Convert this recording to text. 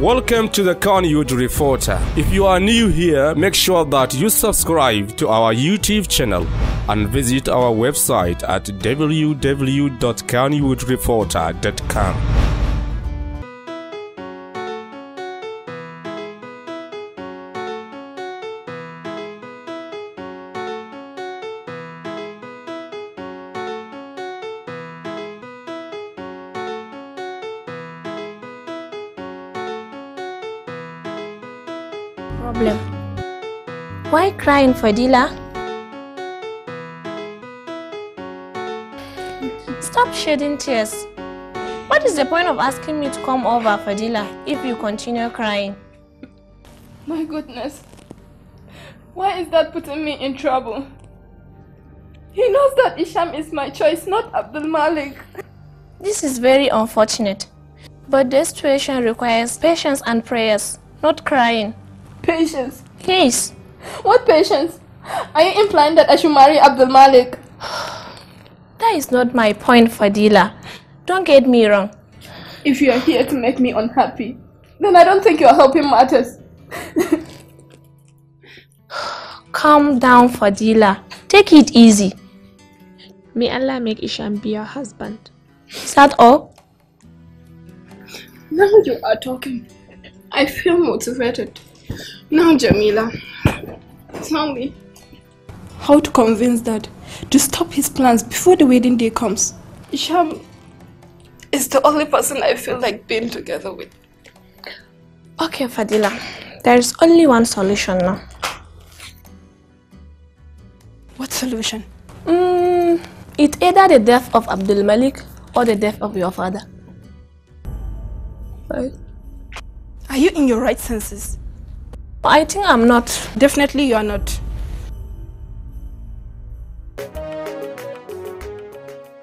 Welcome to the Khan Reporter. If you are new here, make sure that you subscribe to our YouTube channel and visit our website at www.khanwoodreporter.com. problem. Why crying, Fadila? Stop shedding tears. What is the point of asking me to come over, Fadila, if you continue crying? My goodness. Why is that putting me in trouble? He knows that Isham is my choice, not Abdul Malik. This is very unfortunate. But the situation requires patience and prayers, not crying. Patience. Yes. What patience? Are you implying that I should marry Abdul Malik? That is not my point, Fadila. Don't get me wrong. If you are here to make me unhappy, then I don't think you are helping matters. Calm down, Fadila. Take it easy. May Allah make Isham be your husband. Is that all? Now you are talking. I feel motivated. Now, Jamila, tell me how to convince Dad to stop his plans before the wedding day comes. Isham is the only person I feel like being together with. Okay, Fadila, there is only one solution now. What solution? Mm, it's either the death of Abdul Malik or the death of your father. Right? Are you in your right senses? I think I'm not. Definitely you're not.